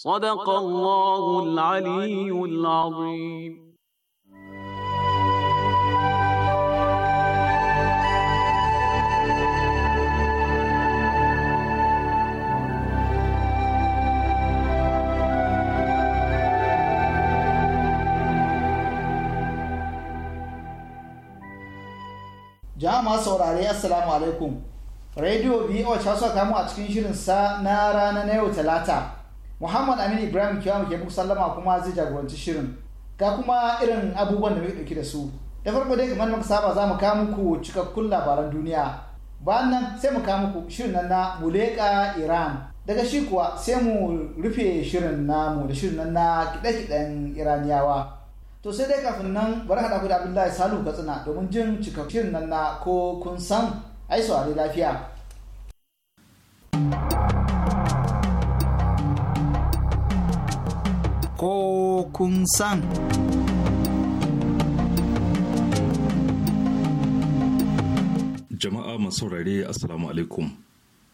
صدق الله العلي العظيم jama'a saurare assalamu alaikum radio biyu wacce suka kamo a cikin shirin sa na rana na yau talata muhammad aminu ibrahim kiyamu ke muku sallama kuma zai jagoranci shirin ga kuma irin abubuwan da muke dauke da su da farko dai kamar muka saba za mu kawo muku cikakkun labaran duniya bayan nan sai mu kawo muku shirin nan na muleka iran daga shi kuwa sai mu rufe shirin namu da shirin nan na kiɗe-kiɗen iraniyawa to sai dai kafin nan bari haɗa ku da abdullahi salu katsina domin jin cikakkun nan na ko kun san ai saurari lafiya ko kun san. Jama'a masu saurare Assalamu alaikum.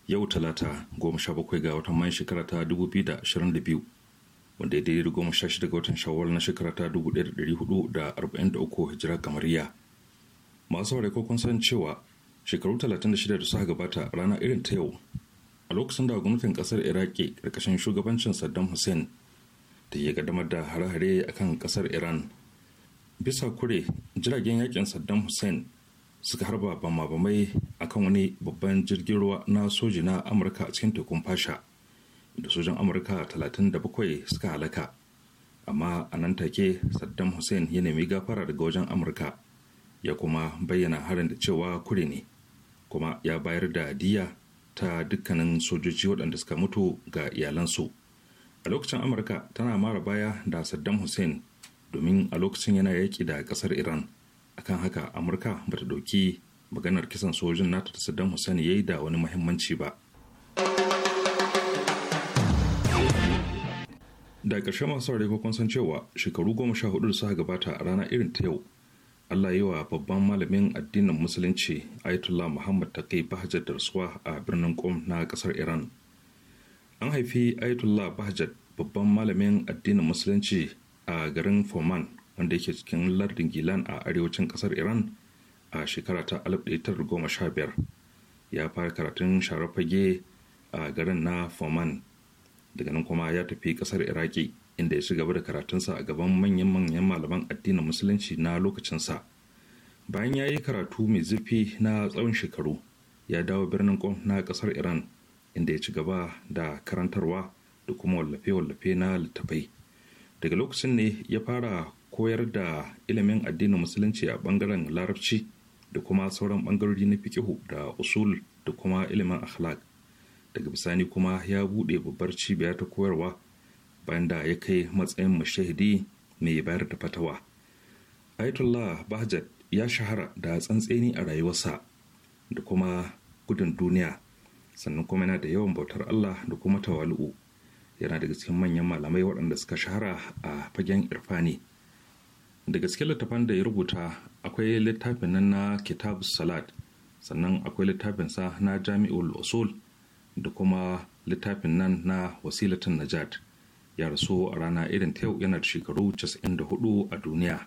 Yau talata goma sha bakwai ga watan mai shekara ta dubu biyu da ashirin da biyu wanda ya daidai da goma sha shida ga watan shawar na shekara ta dubu ɗaya da ɗari hudu da arba'in da uku hijira kamariya. Masu saurare ko kun san cewa shekaru talatin da shida da suka gabata rana irin ta yau a lokacin da gwamnatin ƙasar iraki ƙarƙashin shugabancin saddam hussein da ya gadamar da hare-hare a kan kasar iran bisa kure jiragen yakin saddam hussein suka harba bama-bamai a kan wani babban jirgin ruwa na soji na amurka a cikin tekun fasha da sojan amurka 37 suka halaka amma a nan take saddam hussein ya nemi gafara daga wajen amurka ya kuma bayyana harin da cewa kure ne kuma ya bayar da diya ta dukkanin sojoji waɗanda suka mutu ga iyalansu. a lokacin amurka tana mara baya da saddam hussein domin a lokacin yana yaki da ƙasar iran akan haka amurka bata ɗauki maganar kisan sojin nata da saddam hussein ya yi da wani mahimmanci ba da ƙarshe masu saurari ko san cewa shekaru goma sha hudu da suka gabata a rana irin ta yau Allah yi wa babban malamin addinin musulunci Ayatollah Muhammad Taqi Bahjar da rasuwa a birnin kom na ƙasar Iran. an haifi ayatollah bahjat babban malamin addinin musulunci a garin foman wanda yake cikin lardin gilan a arewacin kasar iran a shekara ta sha-biyar. ya fara karatun sharafage a garin na foman daga nan kuma ya tafi kasar iraki inda ya ci gaba da karatunsa a gaban manyan-manyan malaman addinin musulunci na lokacinsa bayan ya yi karatu mai zurfi na tsawon shekaru ya dawo birnin kom na kasar iran inda ya ci gaba da karantarwa da kuma wallafe-wallafe na littattafai, daga lokacin ne ya fara koyar da ilimin addinin musulunci a bangaren larabci da kuma sauran bangarori na fikihu da usul da kuma ilimin akhlaq daga bisani kuma ya buɗe babbar cibiya ta koyarwa bayan da ya kai matsayin mashahidi mai bayar da fatawa ayatollah bahjat ya shahara da tsantseni a rayuwarsa da kuma gudun duniya sannan kuma yana da yawan bautar Allah da kuma tawali'u yana daga cikin manyan malamai waɗanda suka shahara a fagen irfani da gaske littafan da ya rubuta akwai littafin nan na kitab salat sannan akwai littafin sa na jami'ul usul da kuma littafin nan na wasilatun najat ya rasu a rana irin ta yau yana da shekaru 94 a duniya.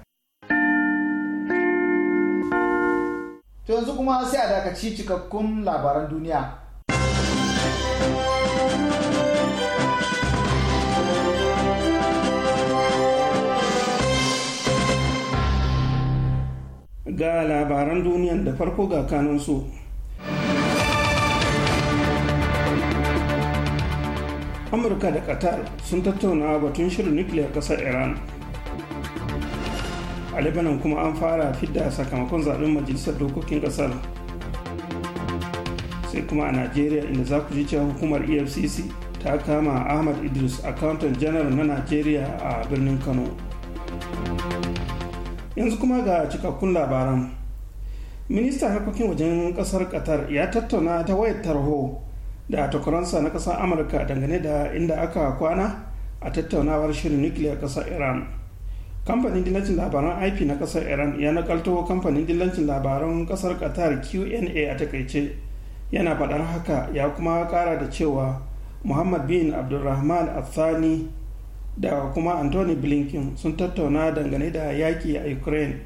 to yanzu kuma sai a dakaci cikakkun labaran duniya ga labaran duniyan da farko ga su amurka da qatar sun tattauna batun shirin nukiliyar kasar iran a lebanon kuma an fara fidda sakamakon zaɓen majalisar dokokin ƙasar sai kuma a najeriya inda za ku ji cewa hukumar efcc ta kama ahmad idris accountant general na najeriya a birnin kano yanzu kuma ga cikakkun labaran ministan harkokin wajen ƙasar qatar ya tattauna ta wayar tarho da takwaransa na ƙasar amurka dangane da inda aka kwana a tattaunawar shirin nukiliyar ƙasar iran kamfanin dillancin labaran ip na kasar iran ya nakalto kamfanin dillancin labaran kasar qatar qna a takaice yana faɗar haka ya kuma ƙara da cewa muhammad bin abdulrahman athani da kuma anthony blinken sun tattauna dangane da yaƙi a ukraine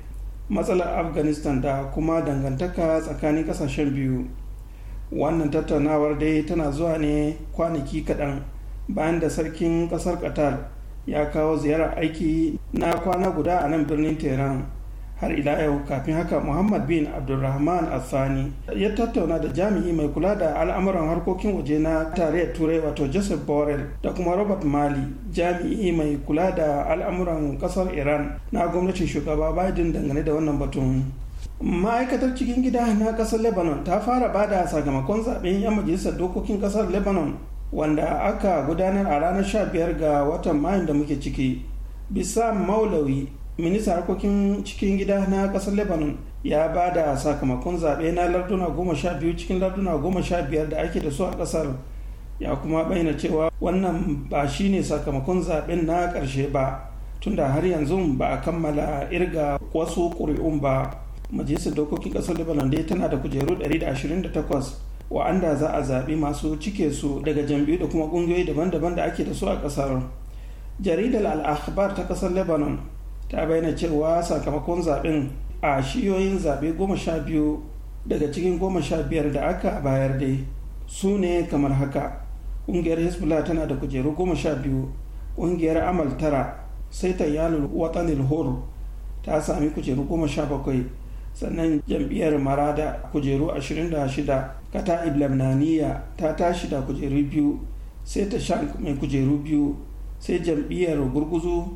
matsalar afghanistan da kuma dangantaka tsakanin kasashen biyu wannan tattaunawar dai tana zuwa ne kwanaki kaɗan bayan da sarkin ƙasar qatar ya kawo ziyarar aiki na kwana guda a nan birnin tehran har ila yau kafin haka muhammad bin abdulrahman asani ya tattauna da jami'i mai kula da al'amuran harkokin waje na tarayyar turai wato joseph borrell da kuma robert mali jami'i mai kula da al'amuran kasar iran na gwamnatin shugaba biden dangane da wannan batun ma'aikatar cikin gida na kasar lebanon ta fara ba da sakamakon zaben yan majalisar dokokin kasar lebanon wanda aka gudanar a ranar 15 ga watan mayun da muke ciki bisa maulawi ministan harkokin cikin gida na kasar lebanon ya ba da sakamakon zaɓe na larduna goma sha biyu cikin larduna goma sha biyar da ake da su a ƙasar ya kuma bayyana cewa wannan ba shine sakamakon zaɓen na ƙarshe ba tunda har yanzu ba a kammala irga wasu ƙuri'un ba majalisar dokokin ƙasar lebanon dai tana da kujeru 128 wa'anda za a zaɓi masu cike su daga jam'iyyu da kuma ƙungiyoyi daban-daban da ake da su a ƙasar jaridar al'akhbar ta kasar lebanon ta bayyana cewa sakamakon zaben a shiyoyin zaɓe goma sha biyu daga cikin goma sha biyar da aka bayar dai su ne kamar haka ƙungiyar hezbollah tana da kujeru goma sha biyu ƙungiyar amal tara sai ta yalu watanil hor ta sami kujeru goma sha bakwai sannan jam'iyyar marada kujeru ashirin da shida kata iblamnaniya ta tashi da kujeru biyu sai ta shank mai kujeru biyu sai jam'iyyar gurguzu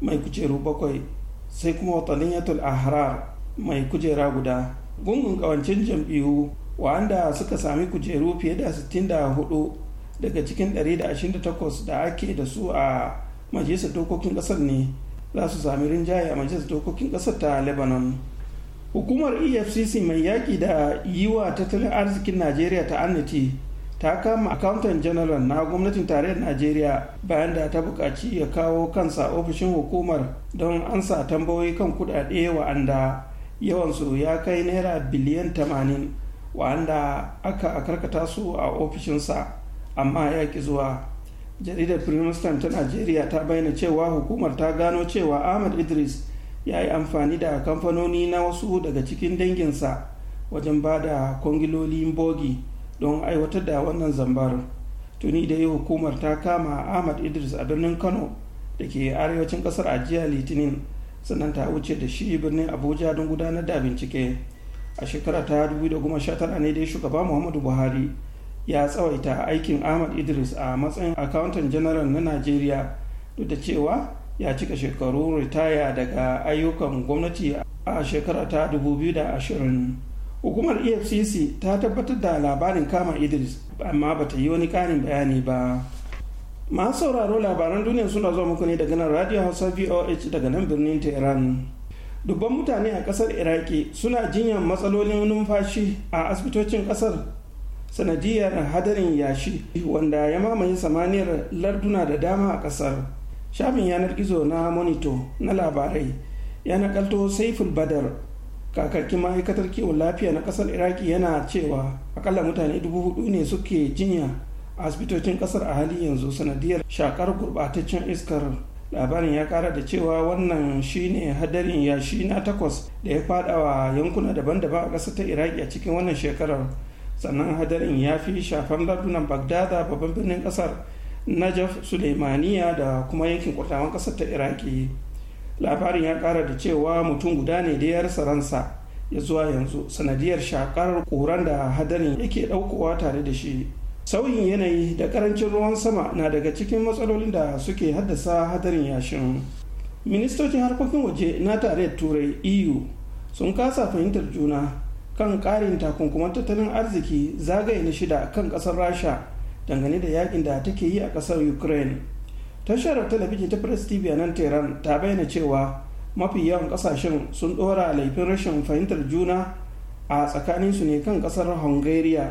mai kujeru bakwai sai kuma wataniyatul ahrar mai kujera guda gungun kawancin jam'iyyu wanda suka sami kujeru fiye da 64 daga cikin 128 da ake da su a majalisar dokokin kasar ne za su sami rinjaye a majalisar dokokin kasar ta lebanon hukumar efcc mai yaƙi da yiwa tattalin arzikin najeriya ta annati ta kama accountant general na gwamnatin tarayyar najeriya bayan da ta bukaci ya kawo kansa ofishin hukumar don ansa tambayoyi kan kudade wa'anda yawansu ya kai naira biliyan 80 wa'anda aka karkata su a ofishinsa amma ya ki zuwa jaridar primistan ta najeriya ta bayyana cewa hukumar ta gano cewa ahmad idris ya yi amfani da kamfanoni na wasu daga cikin danginsa wajen ba da kwangilolin bogi don aiwatar da wannan zambar tuni da yi hukumar ta kama ahmad idris a birnin kano da ke arewacin kasar ajiya litinin sannan ta wuce da shi birnin abuja don gudanar da bincike a shekara ta 2019 ne dai shugaba muhammadu buhari ya tsawaita aikin ahmad idris a matsayin accountant general na najeriya duk da cewa ya cika shekaru ritaya daga ayyukan gwamnati a shekara ta 2020 hukumar efcc ta tabbatar da labarin kama idris amma ba ta yi wani karin bayani ba masu sauraro labaran duniya suna zuwa muku ne daga nan radio hausa voh daga nan birnin tehran dubban mutane a kasar iraki suna jinyar matsalolin numfashi a asibitocin kasar sanadiyar hadarin yashi wanda ya mamaye samaniyar larduna da dama a kasar shafin yanar gizo na monito na labarai ya nakalto saiful badar kakakin ma'aikatar kiwon lafiya na kasar iraki yana cewa akalla mutane 4,000 ne suke jinya a asibitocin kasar a halin yanzu sanadiyar shakar gurbataccen iskar labarin ya kara da cewa wannan shine hadarin yashi na takwas da ya fadawa yankuna daban-daban a kasar ta iraki a cikin wannan shekarar sannan hadarin ya fi shafan lardunan bagdada babban birnin kasar najaf suleimaniya da kuma yankin kasar ta iraki labarin ya kara da cewa mutum guda ne da ya rasa ransa ya zuwa yanzu sanadiyar shakar koran da hadarin yake ɗaukowa tare da shi sauyin yanayi da karancin ruwan sama na daga cikin matsalolin da suke haddasa hadarin yashin ministocin harkokin waje na tare da turai eu sun kasa fahimtar juna kan karin takunkuman tattalin arziki zagaye na shida kan kasar rasha dangane da yakin da take yi a kasar ukraine tashar talabijin ta press tv a nan tehran ta bayyana cewa mafi yawan kasashen sun dora laifin rashin fahimtar juna a tsakaninsu ne kan kasar hungaria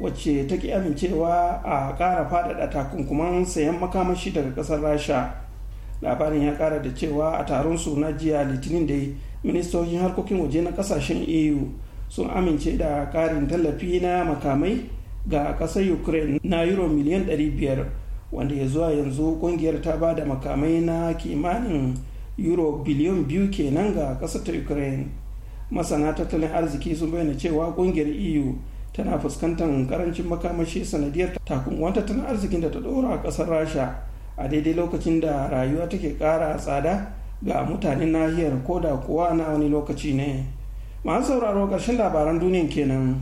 wacce ta ki amincewa a kara faɗaɗa takunkuman sayan makamashi daga ƙasar rasha labarin ya kara da cewa a taron su na jiya litinin dai ministocin harkokin waje na ƙasashen eu sun amince da karin tallafi na makamai ga ƙasar ukraine na euro miliyan 500 wanda ya zuwa yanzu kungiyar ta ba da makamai na kimanin euro biliyon biyu kenan ga ƙasar ta ukraine masana tattalin arziki sun bayyana cewa kungiyar eu tana fuskantar karancin makamashi sanadiyar takunkuwan tattalin arzikin da ta ɗora a ƙasar rasha a daidai lokacin da rayuwa take kara tsada ga mutanen nahiyar ko da kuwa na wani lokaci ne masu sauraro ƙarshen labaran duniya kenan.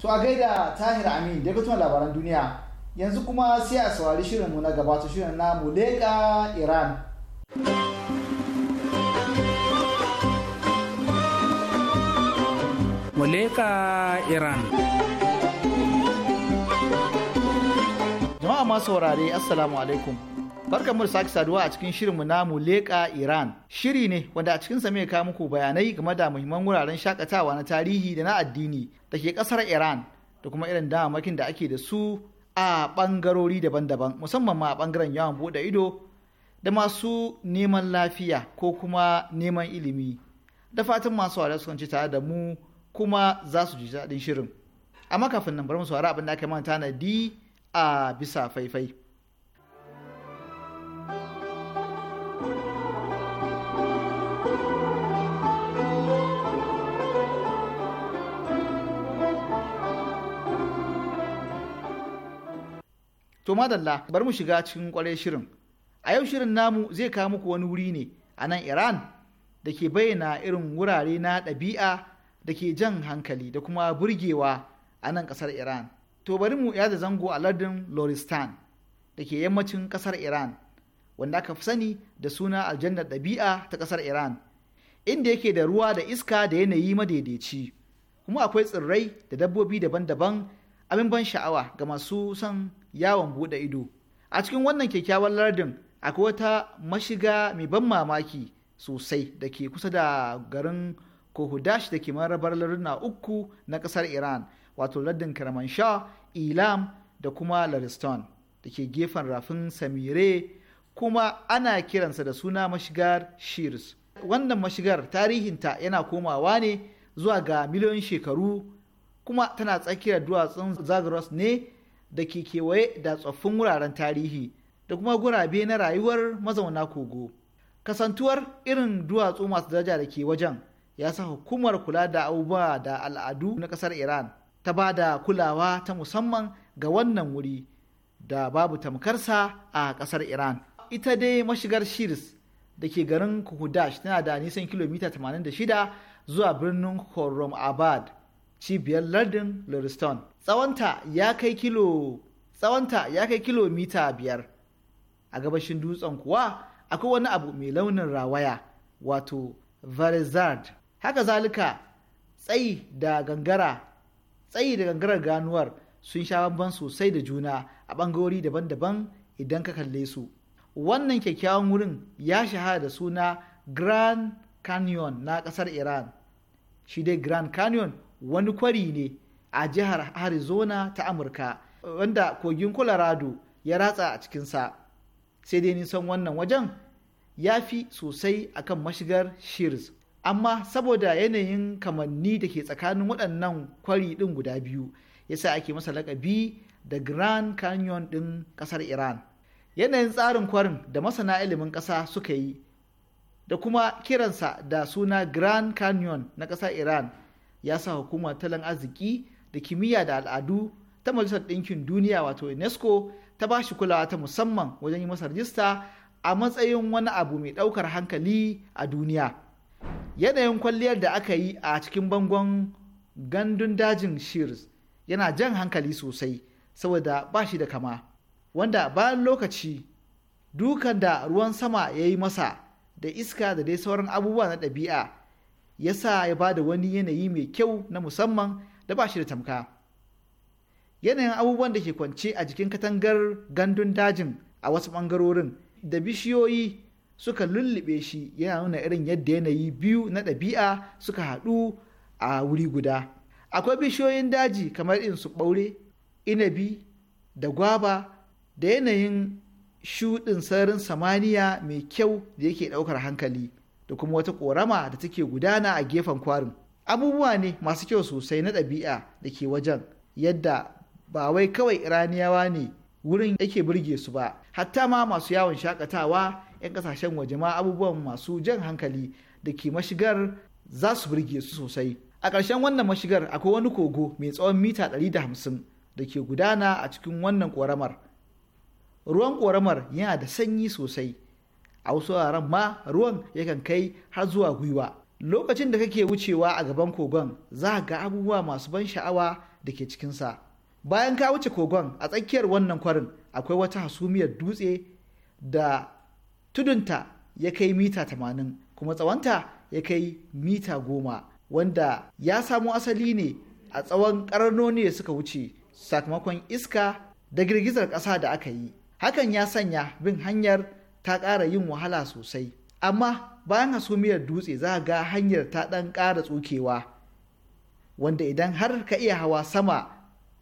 to a gaida tahir amin da fitowar labaran duniya yanzu kuma sai a saurari shirinmu na gabata shirin na muleka iran muleka iran jama'a masu saurari assalamu alaikum Barkan mu sake saduwa a cikin shirinmu na leƙa Iran. Shiri ne wanda a cikinsa mai kawo muku bayanai game da muhimman wuraren shakatawa na tarihi da na addini da ke kasar Iran da kuma irin damamakin da ake da su a bangarori daban-daban musamman ma a bangaren yawon buɗe ido da masu neman lafiya ko kuma neman ilimi. Da fatan masu wada su kanci tare da mu kuma za su ji daɗin shirin. Amma kafin nan bari mu saurari abin da aka manta na di a bisa faifai. To madalla bari mu shiga cikin kwarai shirin. A yau shirin namu zai kawo muku wani wuri ne a nan Iran da ke bayyana irin wurare na ɗabi'a da ke jan hankali da kuma burgewa a nan ƙasar Iran. To bari mu yada zango a lardin Loristan da ke yammacin ƙasar Iran wanda aka fi sani da suna aljannar ɗabi'a ta ƙasar Iran inda yake da ruwa da iska da yanayi madaidaici kuma akwai tsirrai da dabbobi daban-daban abin ban sha'awa ga masu son yawon buɗe ido a cikin wannan kyakkyawan lardin akwai wata mashiga mai ban mamaki sosai da ke kusa da garin kohudash da ke marabar larduna uku na ƙasar iran wato lardin kermanshah ilam da kuma lariston da ke gefen rafin samire kuma ana kiransa da suna mashigar shirs wannan mashigar tarihinta yana komawa ne zuwa ga miliyoyin shekaru kuma tana tsakiyar duwatsun zagros ne da ke kewaye da tsoffin wuraren tarihi da kuma gurabe na rayuwar mazauna kogo kasantuwar irin duwatsu masu daraja da ke wajen ya sa hukumar kula da abubuwa da al'adu na ƙasar iran ta ba da kulawa ta musamman ga wannan wuri da babu tamkarsa a ƙasar iran ita dai mashigar shirs da ke garin kuhudash tana da nisan kilomita 86 zuwa birnin khorram abad cibiyar lardin Lurston. Tsawonta ya kai kilo tsawonta ya kai kilomita biyar. A gabashin dutsen kuwa akwai wani abu mai launin rawaya wato Verizard. Haka zalika tsayi da gangara tsayi da gangarar ganuwar sun sha bamban sosai da juna a ɓangarori daban-daban idan ka kalle su. Wannan kyakkyawan wurin ya shahara da suna Grand Canyon na ƙasar Iran. Shi dai Grand Canyon wani kwari ne a jihar arizona ta amurka wanda kogin colorado ya ratsa a cikinsa sai dai nisan wannan wajen ya fi sosai akan mashigar shears amma saboda yanayin kamanni da ke tsakanin waɗannan kwari ɗin guda biyu yasa ake masa lakabi da grand canyon ɗin ƙasar iran yanayin tsarin kwarin da masana ilimin ƙasa suka yi da kuma kiransa da suna grand canyon na ƙasar iran ya sa hukumar talan arziki da kimiyya da al'adu ta majalisar ɗinkin duniya wato unesco ta ba shi kulawa ta musamman wajen yi masa rajista a matsayin wani abu mai ɗaukar hankali a duniya yanayin kwalliyar da aka yi a cikin bangon gandun dajin shears yana jan hankali sosai saboda ba shi da kama wanda bayan lokaci dukan da ruwan sama ya yi masa da iska da dai sauran abubuwa na ɗabi'a ya sa ya ba da wani yanayi mai kyau na musamman da ba shi da tamka yanayin abubuwan da ke kwance a jikin katangar gandun dajin a wasu ɓangarorin da bishiyoyi suka lullube shi yana nuna irin yadda yanayi biyu na ɗabi'a suka haɗu a wuri guda akwai bishiyoyin daji kamar in su ɓaure inabi da gwaba da yanayin shuɗin sararin samaniya mai kyau da yake ɗaukar hankali da kuma wata korama da take gudana a gefen kwarin abubuwa ne masu kyau sosai na ɗabi'a da ke wajen yadda ba wai kawai iraniyawa ne wurin yake burge su ba hatta ma masu yawon shakatawa 'yan kasashen waje ma abubuwan masu jan hankali da ke mashigar za su burge su sosai a ƙarshen wannan mashigar akwai wani kogo mai tsawon mita 150 da ke gudana a cikin wannan ƙoramar ruwan ƙoramar yana da sanyi sosai a wasu wuraren ma ruwan yakan kai har zuwa gwiwa lokacin da kake wucewa a gaban kogon za ga abubuwa masu ban sha'awa da ke cikinsa bayan ka wuce kogon a tsakiyar wannan kwarin akwai wata hasumiyar dutse da tudunta ya kai mita tamanin kuma tsawonta ya kai mita goma wanda ya samo asali ne a tsawon ƙararnoni da suka wuce sakamakon iska da girgizar ƙasa da aka yi hakan ya sanya bin hanyar ta ƙara yin wahala sosai amma bayan hasumiyar dutse za ga hanyar ta ɗan ƙara tsokewa wanda idan har ka iya hawa sama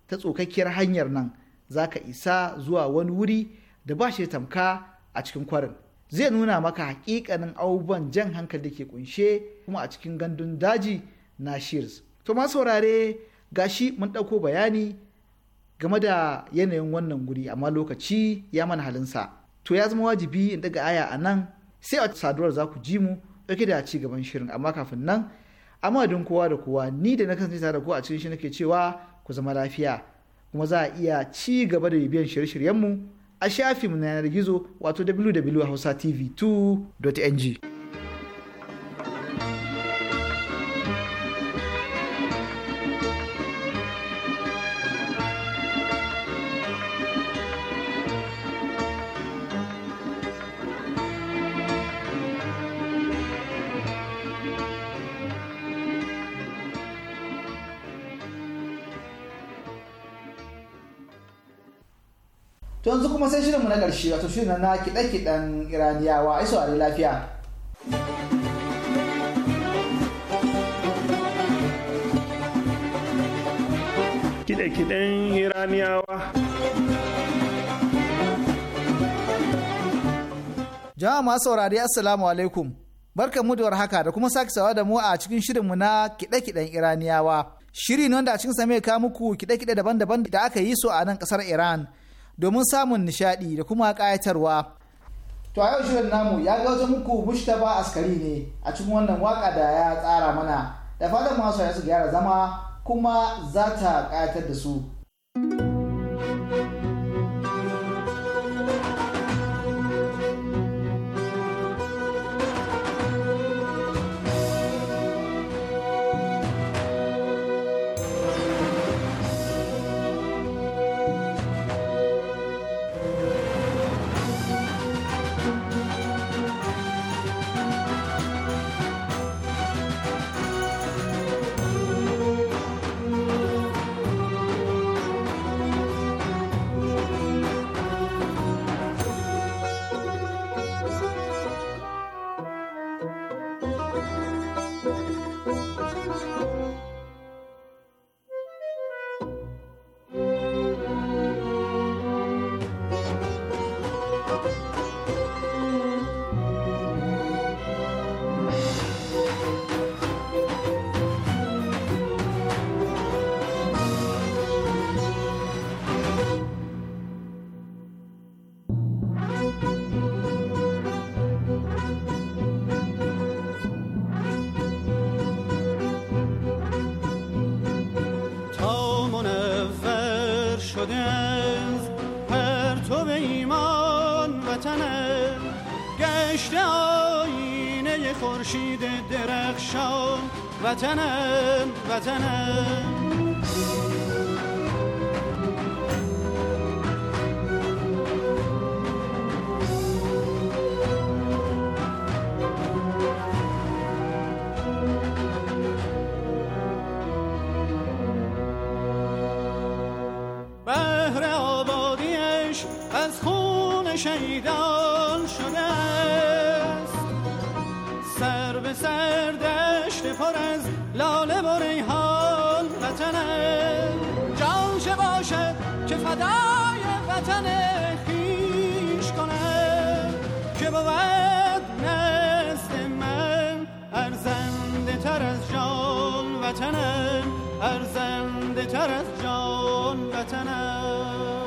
ta tsokakkiyar hanyar nan za ka isa zuwa wani wuri da ba shi tamka a cikin kwarin zai nuna maka hakikanin abubuwan jan hankali da ke kunshe kuma a cikin gandun daji na shears to ma saurare gashi mun ɗauko bayani game da yanayin wannan guri amma lokaci ya mana halinsa. to ya zama wajibi in daga aya a nan sai a saduwar za ku ji mu ɗauke da ci gaban shirin amma kafin nan amma kowa da kowa ni da na kasance tare da ku a cikin shi nake cewa ku zama lafiya kuma za a iya ci gaba da bibiyan shirye-shiryenmu a shafinmu na yanar gizo wato www.hausatv2.ng. na ƙarshe wato shirin na kiɗe-kiɗen iraniyawa iso saurari lafiya kiɗe-kiɗen iraniyawa jama'a masu saurari assalamu alaikum barkan mu da haka da kuma sake sawa da mu a cikin shirinmu na kiɗe-kiɗen iraniyawa shiri ne wanda a cikin same ka muku kiɗe-kiɗe daban-daban da aka yi su a nan ƙasar iran domin samun nishaɗi da kuma ƙayatarwa. To a yau shirin namu ya ga gauta muku ba Askari ne a cikin wannan waka da ya tsara mana da fatan masu su gyara zama kuma za ta ƙayatar da su. وطنم وطنم بهر آبادیش از خون شیدان وطن خیش که که بود نزد من ارزنده تر از جان وطنم ارزنده تر از جان وطنم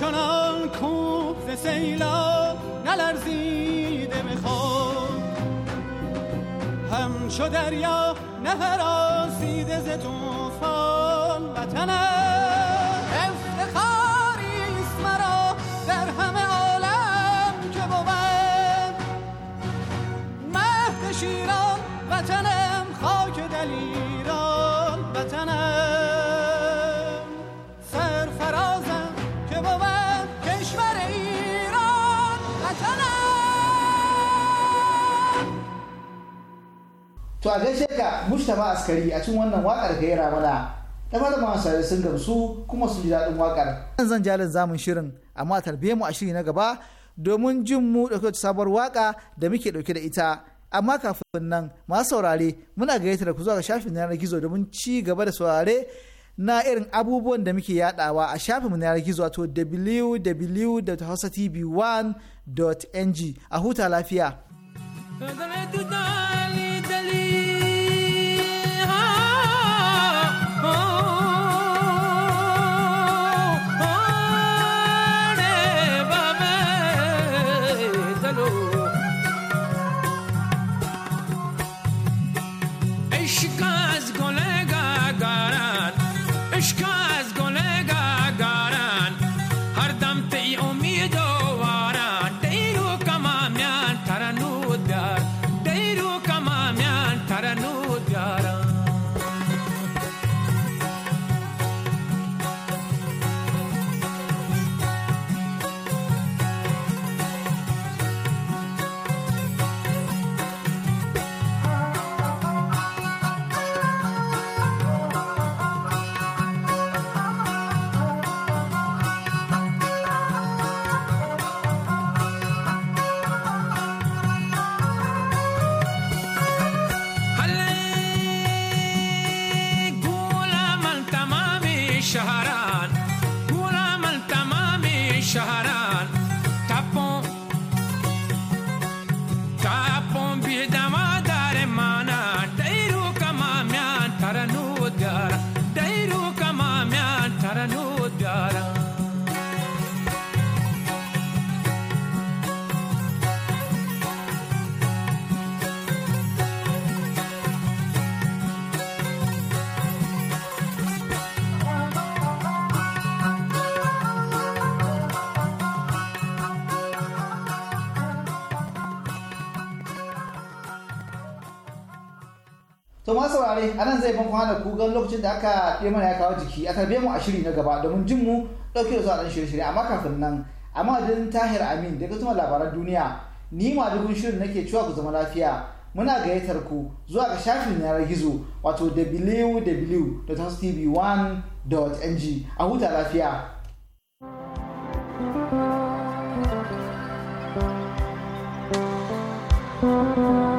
چنان کوب ز سیلا نلرزیده هم همچو دریا نهراسیده ز توفان وطنم افتخاریست مرا در همه عالم که بود مهد شیران وطنم خاک دلی to a gaishe ka ba askari a cin wannan wakar gaira mana da fata masu sun gamsu kuma su ji daɗin wakar zan jalin zamun shirin amma tarbiyyar mu a shiri na gaba domin jin mu ɗauke da sabuwar waka da muke ɗauke da ita amma kafin nan masu saurare muna gayyata da ku zuwa ga shafin yanar gizo domin ci gaba da saurare na irin abubuwan da muke yadawa a shafinmu na yanar gizo to www.hausatv1.ng a huta lafiya. saurare a nan zai banku hana kugan lokacin da aka ɗe mana ya kawo jiki a tarbe mu a shiri na gaba domin jin mu ɗauke da su a ɗan shirye-shirye amma kafin nan a madadin tahir amin da daga tuma labaran duniya ni ma dukun shirin nake cewa ku zama lafiya muna gayyatar ku zuwa ga shafin yanar gizo wato www.tv1.ng a huta lafiya thank you